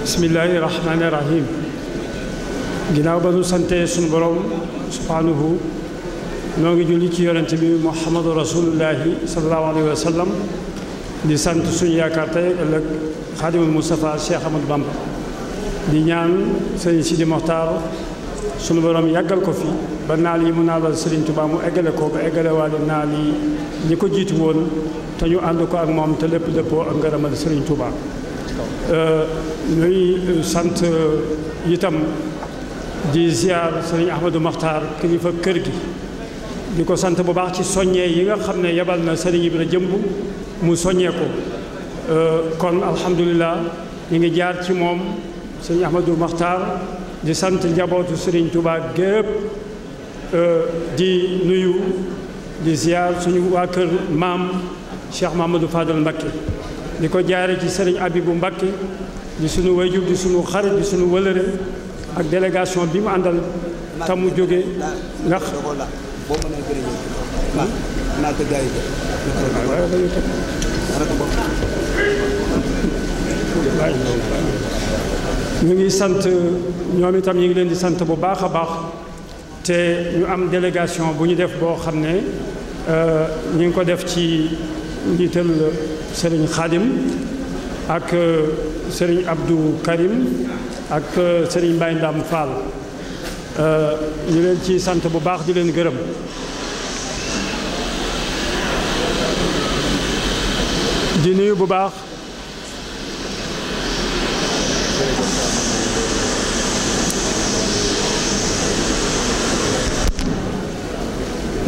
bismillahirrahmanirrahim ginnaaw ba nu santee sunu borom subhaanahu noo ngi julli ci yonent bi muhammadu rasulullahi sallallahu alayhi wa sallam di sant suñu yaakaar tey ëllëg xaadimul Moustapha Cheikh Ahmadou Bamba di ñaan sëriñ Sidi Moxtaar sunu borom yàggal ko fi ba naal yi mu naalal Sëriñ Tuubaa mu eggale ko ba eggale waale naal yi ñi ko jiitu woon te ñu ànd ko ak moom te lépp dëppoo ak ngërëmal Sëriñ Tuubaa نوي سانت يتم دي زيار سيري احمد مختار كليفا كيرغي ديكو سانت بو باخ سي سوني ييغا خامن يبالنا سيري ابن جيمبو مو كون الحمد لله نيغي جار سي موم احمد مختار دي سانت جابوتو سيري توبا غيب دي نيو دي زيار سيري وا كير مام شيخ محمد فاضل مكي di ko jaare ci sëriñ bu Mbakke di suñu wayjur di suñu xarit di suñu wëlëre ak délégation bi mu àndal tam mu jóge ndax ñu ngi sant ñoom itam ñu ngi leen di sant bu baax a baax te ñu am délégation bu ñu def boo xam ne euh, ñu ngi ko def ci njiital sëriñ Xaadim ak euh, sëriñ Abdou Karim ak euh, sëriñ Mbaye Ndam Fall euh, ñu leen ci sant bu baax di leen gërëm di nuyu bu baax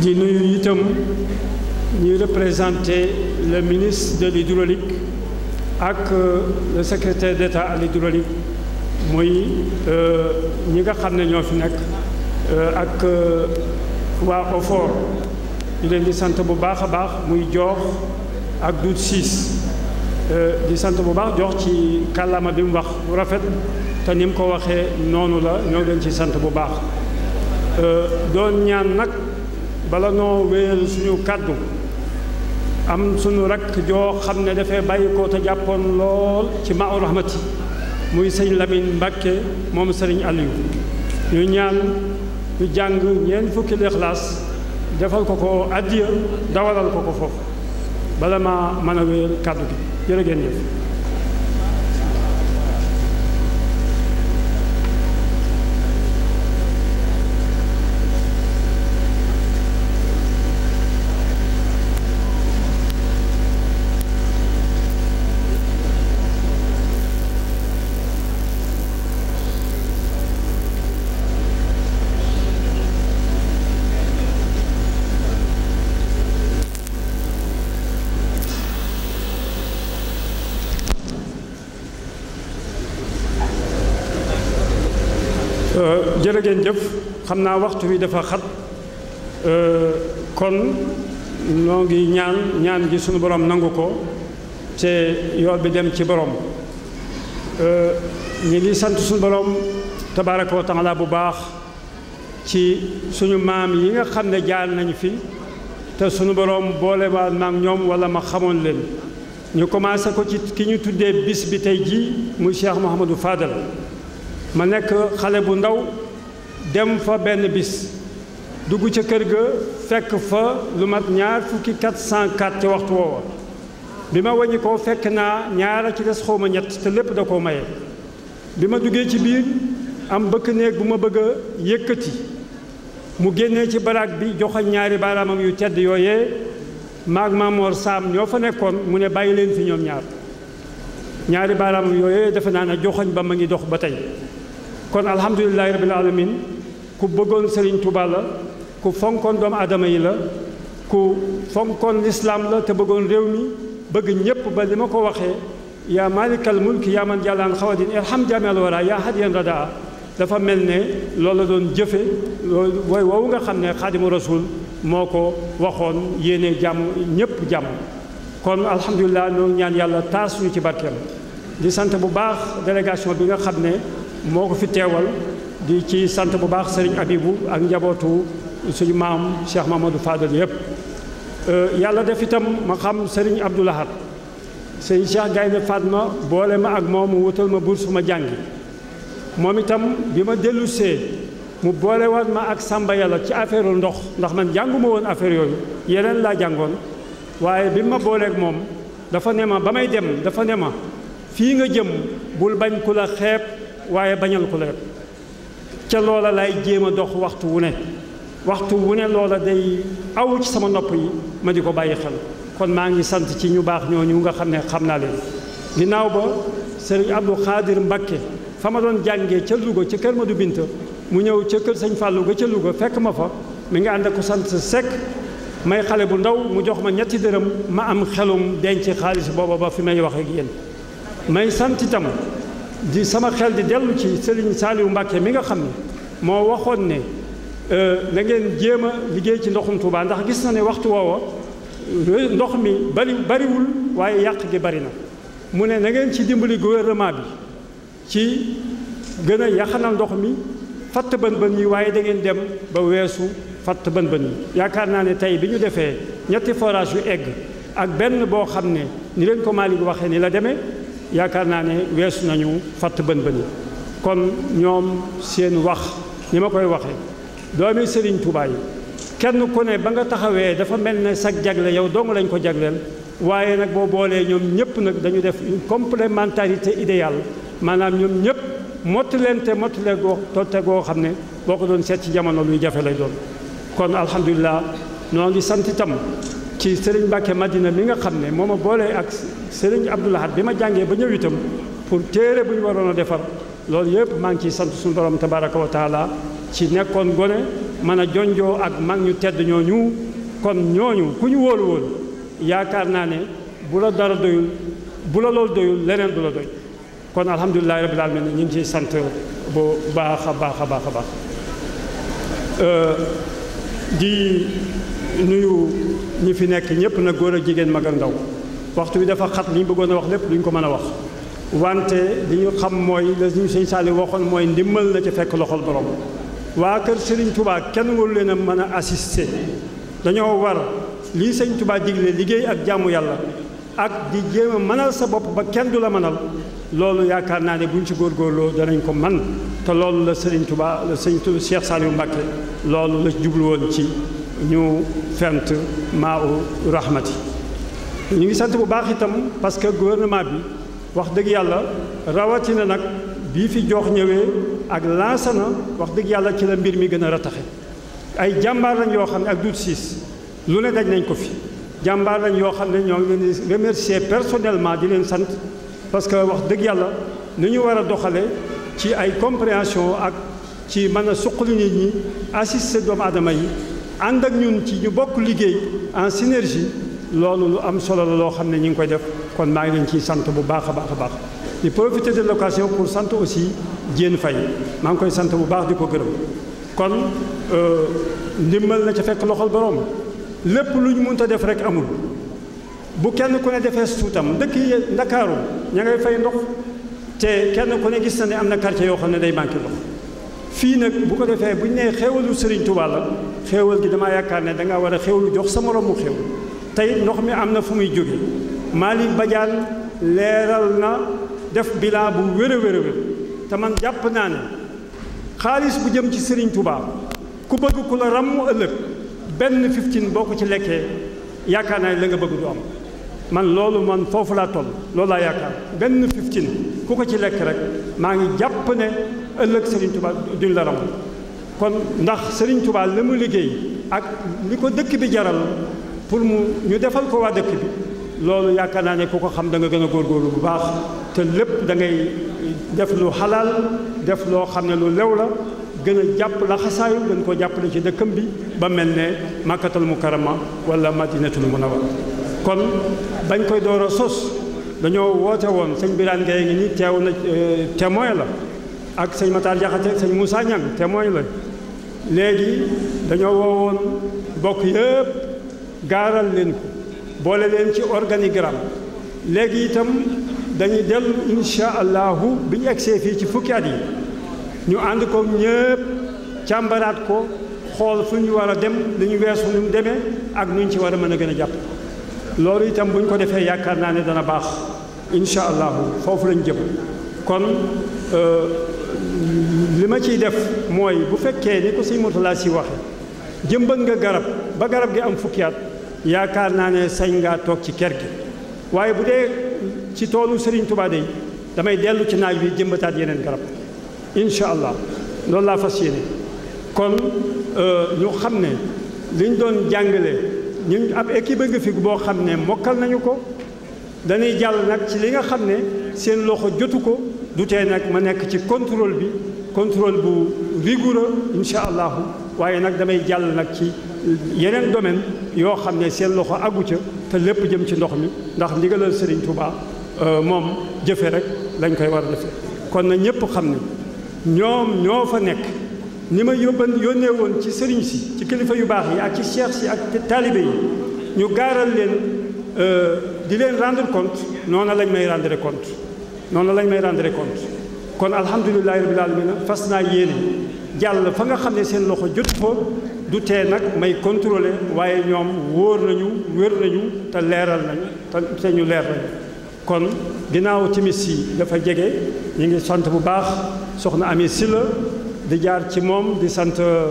di nuyu itam ni représenté le ministre de l'hydraulique ak euh, le secrétaire d'État à l'hydraulique muy euh, ñi nga xam ne ñoo fi nekk euh, ak waa OFOR ñu leen di sant bu baax a baax muy joox ak duut siis di sant bu baax jox ci kàllaama bi mu wax bu rafet te ni mu ko waxee noonu la ñoo leen ci sant bu baax doon ñaan nag bala noo wéyal suñu kàddu am sunu rakk joo xam ne dafay bàyyi ko te jàppoon lool ci Maou Rahmati muy sëñ Lamine Mbàkke moom sëriñ Aliou ñu ñaan ñu jàng ñeent fukki Ixlaas defal ko ko addiya dawalal ko ko foofu bala ma mën a wéer kàddu gi jërë ngeen jëf jërë jëf xam naa waxtu wi dafa xat euh, kon noo ngi ñaan ñaan gi suñu boroom nangu ko te yool bi dem ci borom euh, ñu ngi sant suñu borom tabaaraka wa taala bu baax ci suñu maam yi nga xam ne jaar nañu fi te suñu boroom boole waa maak ñoom wala ma xamoon leen ñu commencé ko ci ki ñu tuddee bis bi tey jii muy Cheikh Mouhamadou Fadal ma nekk xale bu ndaw dem fa benn bis dugg ca kër ga fekk fa lu mat ñaar fukki 404 ca waxtu woowa bi ma waññi ko fekk naa ñaara ci des xawma ñett te lépp da koo maye bi ma duggee ci biir am bëkk néeg bu ma bëgg a yëkkati mu génnee ci baraag bi joxoñ ñaari baaraamam yu tedd yooyee maag Maamoor Saam ñoo fa nekkoon mu ne bàyyi leen fi ñoom ñaar ñaari baaraamam yooyee defe naa ne joxoñ ba ma ngi dox ba tey kon alhamdulilahi rabbil alamin ku bëggoon Serigne Touba la ku fonkoon doomu aadama yi la ku fonkoon lislaam la te bëggoon réew mi bëgg ñépp ba li ma ko waxee yaa maalikal mulki yaa man jàllaan xawadin irham jaamel wara yaa hadiyan radaa dafa mel ne loolu la doon jëfe loolu wooy nga xam ne xaadimu rasul moo ko waxoon yéene jàmm ñépp jàmm kon alhamdulilah noonu ñaan yàlla taas ñu ci barkeem di sant bu baax délégation bi nga xam ne moo ko fi teewal di ci sant bu baax sëriñ Abibu ak njabootu suñu maam Cheikh Mamadou Fadal yëpp euh, yàlla def itam ma xam sëriñ Abdou Lahad sëriñ Cheikh Gaynde Fatma boole ma ak moom mu wutal ma bourse ma jàngi moom itam bi ma dellusee mu boole woon ma ak sàmba yàlla ci affaire ndox ndax man jànguma woon affaire yooyu yeneen laa jàngoon waaye bi ma booleeg moom dafa ne ma ba may dem dafa ne ma fii nga jëm bul bañ ku la xeeb waaye bañal ku la xeeb ca loola lay jéem a dox waxtu wu ne waxtu wu ne loola day aw ci sama nopp yi ma di ko bàyyi xel kon maa ngi sant ci ñu baax ñooñu nga xam ne xam naa leen ginnaaw ba sëriñ Abdou Khadir Mbakke fa ma doon jàngee ca Louga ca kër Madou Binta mu ñëw ca kër sañ Fallou ga ca Louga fekk ma fa mi ngi ànd ak ko sant Seck may xale bu ndaw mu jox ma ñetti dërëm ma am xelum denc xaalis booba ba fi may wax yéen may sant itam di sama xel di dellu ci Serigne Saliou Mbacke mi nga xam ne moo waxoon ne euh, na ngeen jéem a liggéey ci ndoxum Touba ndax gis na ne waxtu woowa euh, ndox mi bari bariwul waaye yàq gi bari na mu ne na ngeen ci dimbali gouvernement bi ci gën a yaxanal ndox mi fatt bën bën yi waaye da ngeen dem ba weesu fatt bën bën yi yaakaar naa ne tey bi ñu defee ñetti forage yu egg ak benn boo xam ne ni leen ko Malick waxee ni la demee yaakaar naa ne weesu nañu fatt bën bëni kon ñoom seen wax ni ma koy waxee doomi Serigne Touba yi kenn ko ne ba nga taxawee dafa mel ne sag jagle yow dong lañ ko jagleel waaye nag boo boolee ñoom ñëpp nag dañu def une complémentarité idéale maanaam ñoom ñëpp mottalente mottale goo totte goo xam ne boo ko doon seet ci jamono luy jafe lay doon kon alhamdulilah noo ngi sant ci Serigne Mbacke Madina mi nga xam ne moo ma boolee ak sëriñ Abdou Lahad bi ma jàngee ba ñëw itam pour téere bu ñu waroon a defar loolu yëpp maa ngi ciy sant suñu borom tabaraka wa taala ci nekkoon gone mën a jonjoo ak mag ñu tedd ñooñu kon ñooñu ku ñu wóolu woon yaakaar naa ne bu la dara doyul bu la loolu doyul leneen du la doy kon alhamdulilahi rabbil alamin ñu ngi ciy sant bu baax a baax a baax a baax euh, di nuyu ñi fi nekk ñëpp na góor ak jigéen mag ak ndaw waxtu bi dafa xat li ñu bëggoon a wax lépp ñu ko mën a wax wante li ñu xam mooy la ñu sëñ Saali waxoon mooy ndimmal la ca fekk loxol borom waa kër sëriñ tubaa kenn waru leen a mën a assister dañoo war lii sëñ tubaa digle liggéey ak jàmm yàlla ak di jéem a mënal sa bopp ba kenn du la mënal loolu yaakaar naa ne buñ ci góor góorgóorloo danañ ko man te loolu la Serigne tubaa la sëñ Cheikh Saliou Mbacké loolu la jublu woon ci ñu fent maa u ñu ngi sant bu baax itam parce que gouvernement bi wax dëgg yàlla rawatina nag bii fi jox ñëwee ak lancé na wax dëgg yàlla ci la mbir mi gën a rataxe ay jàmbaar lañ yoo xam ne ak dut siis lu ne daj nañ ko fi jàmbaar lañ yoo xam ne ñoo ngi leen di remercier personnellement di leen sant parce que wax dëgg yàlla nu ñu war a doxale ci ay compréhension ak ci mën a suqali nit ñi assister doomu aadama yi ànd ak ñun ci ñu bokk liggéey en synergie loolu lu am solo la loo xam ne ñu ngi koy def kon maa ngi leen ciy sant bu baax a baax a baax di profiter de l'occasion pour sant aussi Diène Faye maa ngi koy sant bu baax di ko gërëm kon euh, ndimbal na ca fekk loxol borom lépp lu ñu mënta def rek amul bu kenn ku ne defee suutam dëkk yi Ndakaaru ña ngay fay ndox te kenn ku ne gis na ne am na quartier yoo xam ne day manqué ndox fii nag bu ko defee bu ñu nee xéewalu Serigne Touba la xéewal gi damaa yaakaar ne da ngaa war a xéewalu jox sa moroom mu tey ndox mi am na fu muy jóge Malick Badiane leeral na def bilan bu wér a wér te man jàpp naa ne xaalis bu jëm ci Serigne Touba ku bëgg ku la ràmm ëllëg benn fifteen boo ko ci lekkee yaakaar naa la nga bëgg du am man loolu man foofu laa toll loolu laa yaakaar benn fifteen ku ko ci lekk rek maa ngi jàpp ne ëllëg Serigne Touba duñ la ràmm kon ndax sëriñ Touba la mu liggéey ak li ko dëkk bi jaral pour mu ñu defal ko waa dëkk bi loolu yaakaar naa ne ku ko xam da nga gën a góorgóorlu bu baax te lépp dangay ngay def lu xalaal def loo xam ne lu lew la gën a jàpp laxasaayu gën koo jàppale ci dëkkam bi ba mel ne màkkatal mukarama wala a munawwara kon bañ koy door a sos dañoo woote woon sëñ Birane Gueye ngi ni teew na euh, témoin la ak sëñ Matar Diakhaté sëñ Moussa Niang témoin la léegi dañoo woowoon bokk yëpp gaaral leen ko boole leen ci organigramme léegi itam dañuy dellu insha allahu bi ñu egsee fii ci fukki at yi ñu ànd ko ñëpp càmbaraat ko xool fu ñu war a dem lu ñu weesu nu demee ak nu ñu ci war a mën a gën a jàpp loolu itam bu ñu ko defee yaakaar naa ne dana baax insha allahu foofu lañu jëm kon euh, li ma ciy def mooy bu fekkee ni ko sëñ laa si waxe jëmbat nga garab ba garab gi am fukki yaakaar naa ne sañ ngaa toog ci ker gi waaye bu dee ci toolu Serigne Touba dey damay dellu ci naaj bi jëmbataat yeneen garab incha allah loolu laa fas yéene kon euh, ñu xam ne liñ doon jàngale ñu ab équipe nga fi boo xam ne mokkal nañu ko dañuy jàll nag ci li nga xam ne seen loxo jotu ko du nag ma nekk ci contrôle bi contrôle bu rigoureux incha allahu waaye nag damay jàll nag ci yeneen domaine yoo xam ne seen loxo àggu ca te lépp jëm ci ndox mi ndax ndigalal Serigne Touba euh, moom jëfe rek lañ koy war a kon na ñëpp xam ne ñoom ñoo fa nekk ni ma yóbban yónnee woon ci sëriñ si ci kilifa yu baax yi ak ci cheikh si ak taalibe yi ñu gaaral leen euh, di leen rendre compte noonu lañ may rendre compte noonu lañ may rendre compte kon alhamdulilahi rabbil alamin fasna naa jàll fa nga xam ne seen loxo jotu fa du tee nag may contrôler waaye ñoom wóor nañu wér nañu te leeral nañu te ñu leer nañu kon ginnaaw timis yi dafa jege ñu ngi sant bu baax soxna Ami Sylla di jaar ci moom di sant euh,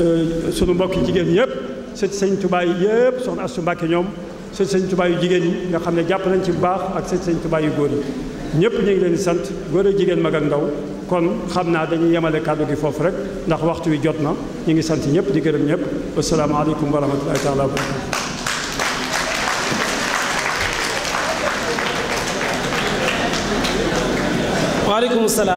euh, sunu mbokki jigéen yëpp sët sëñ Tuubaa yi yëpp soxna Astu Mbàkke ñoom sët sëñ Tuubaa yu jigéen yi nga xam ne jàpp nañ ci bu baax ak sët sëñ Tuubaa yu góor yi ñëpp ñu ngi leen di sant góor a jigéen mag ak ndaw kon xam naa dañuy yemale kàddu gi foofu rek ndax waxtu wi jot na ñu ngi sant ñëpp di gërëm ñëpp asalaamaaleykum wa rahmatullahi taala wa barakatu waaleykum